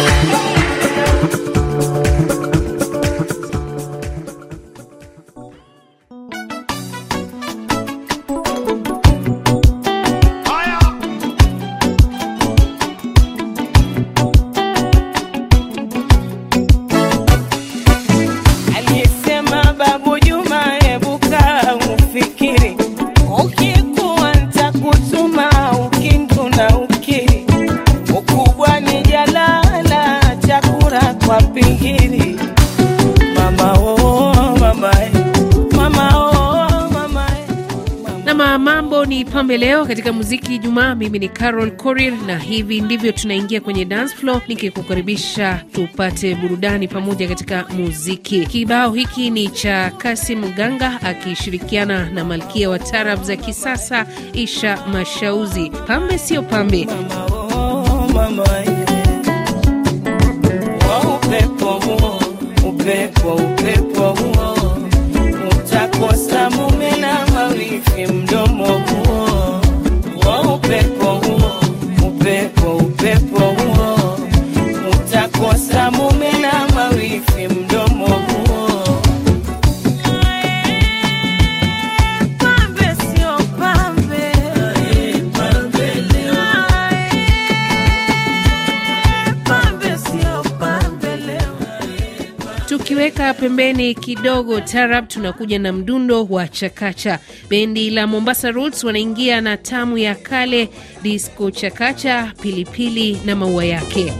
Yeah. Kama mambo ni pambe leo katika muziki Jumaa, mimi ni Carol Corir na hivi ndivyo tunaingia kwenye dance floor, nikikukaribisha tupate burudani pamoja katika muziki. Kibao hiki ni cha Kasim Ganga akishirikiana na malkia wa tarab za kisasa Isha Mashauzi, pambe sio pambe mama, oh, mama. pembeni kidogo tarab, tunakuja na mdundo wa chakacha. Bendi la Mombasa Roots wanaingia na tamu ya kale, disco chakacha, pilipili na maua yake.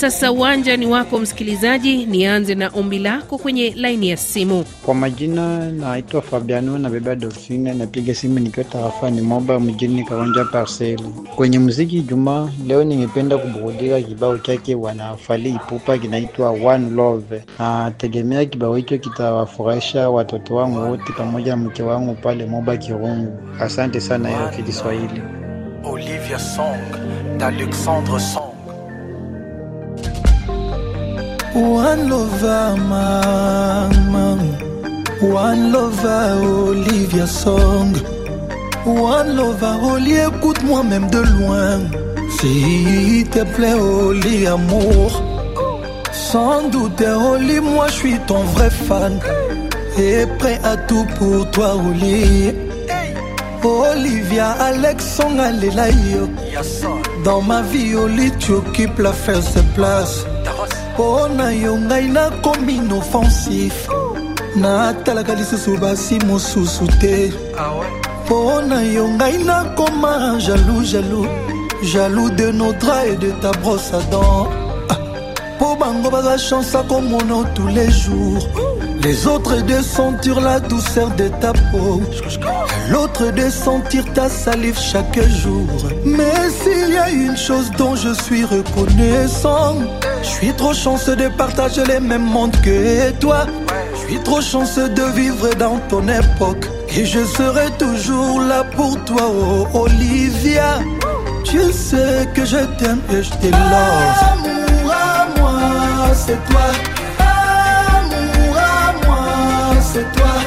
Sasa uwanja ni wako msikilizaji, nianze na ombi lako kwenye laini ya simu. Kwa majina naitwa Fabiano na beba Dolfina, napiga simu nikiwa ni Moba mjini Karonja Parcel. Kwenye muziki Jumaa leo ningependa kuburudika kibao chake wanafali Ipupa kinaitwa One Love. Nategemea kibao hicho kitawafurahisha watoto wangu wote pamoja na mke wangu pale Moba Kirungu. Asante sana ya Kiswahili. Olivia Song d'Alexandre Song One lover, maman One lover, Olivia Song. One lover, Oli, écoute-moi même de loin. S'il te plaît, Oli, amour. Sans doute, Oli, moi je suis ton vrai fan. Et prêt à tout pour toi, Oli. Olivia, Alex, Song, yo, Dans ma vie, Oli, tu occupes la faire ses place mpona yo ngai nakomi inoffensif natalaka lisusu basi mosusu te mpo na yo ngai nakoma jaloux jalou Jalou de nodra et de ta brosse à dents mpo ah. bango baza chance akomono tous les jours les autres deux sentir la douceur de ta peau l'autre de sentir ta salive chaque jour. Mais s'il y a une chose dont je suis reconnaissant, je suis trop chanceux de partager les mêmes mondes que toi. Je suis trop chanceux de vivre dans ton époque. Et je serai toujours là pour toi, oh Olivia. Tu sais que je t'aime et je t'aime. Amour à moi, c'est toi. Amour à moi, c'est toi.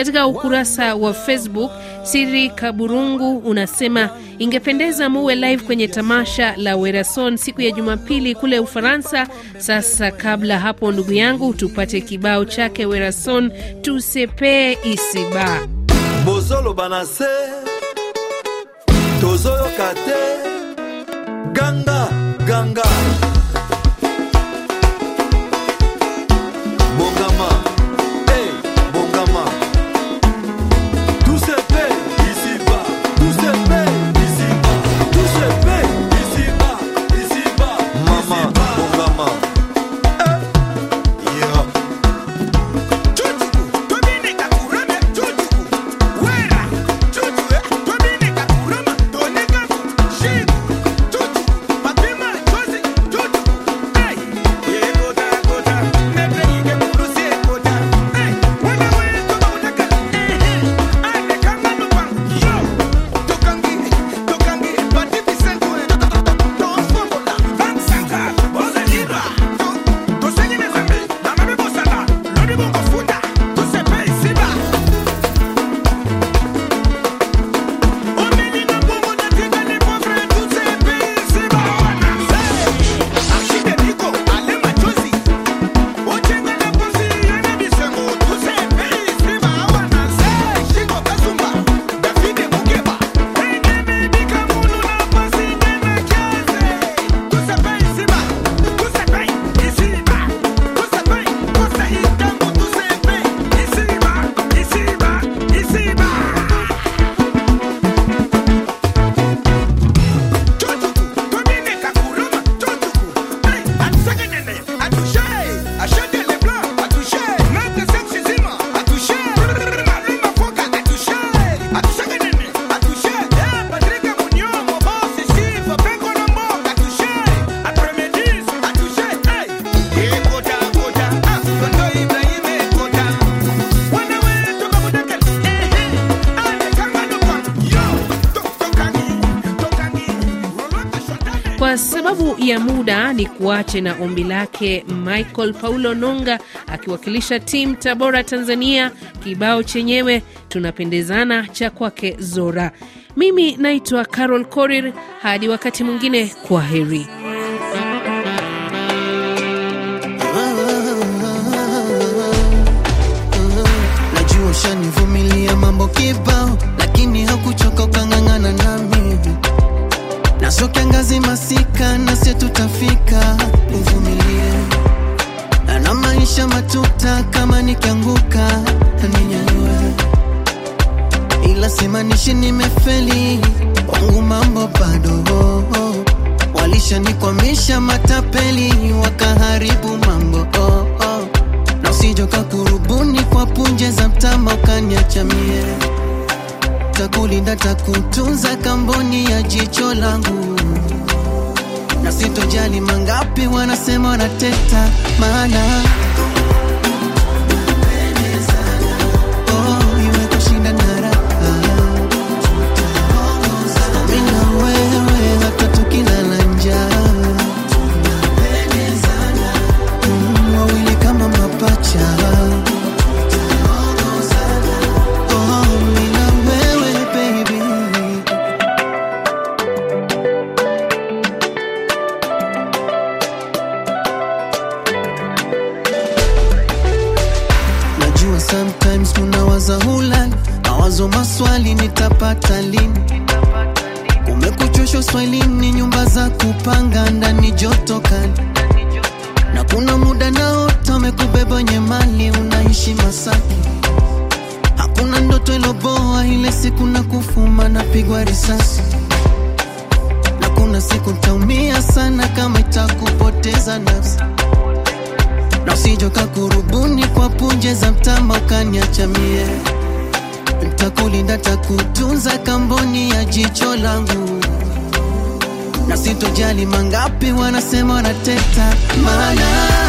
Katika ukurasa wa Facebook, Siri Kaburungu unasema ingependeza muwe live kwenye tamasha la Werason siku ya Jumapili kule Ufaransa. Sasa kabla hapo, ndugu yangu, tupate kibao chake Werason tusepe isiba bozoloba na se tozoyoka te ganga ganga sababu ya muda, ni kuache na ombi lake Michael Paulo Nonga akiwakilisha timu Tabora, Tanzania. Kibao chenyewe tunapendezana cha kwake Zora. Mimi naitwa Carol Korir, hadi wakati mwingine, kwa heri. na sio tutafika, uvumilie na maisha matuta. Kama nikianguka ninyanyue, ila nishi nimefeli, wangu mambo bado. Walishanikwamisha matapeli, wakaharibu mambo oh, oh. Na sijoka kurubuni kwa punje za mtama, ukaniacha mie. Takulinda, takutunza kamboni ya jicho langu na sitojali mangapi wanasema wanateta maana Sometimes unawaza hulali, mawazo maswali nitapata lini? Umekuchosha uswahilini, nyumba za kupanga ndani joto kali, na kuna muda naota umekubeba wenye mali, unaishi Masaki. Hakuna ndoto iloboa ile siku na kufuma napigwa risasi, na kuna siku ntaumia sana kama itakupoteza nafsi na usijoka kurubuni kwa punje za mtama kaniachamie ntakulinda takutunza kamboni ya jicho langu na sitojali mangapi wanasema wanateta mana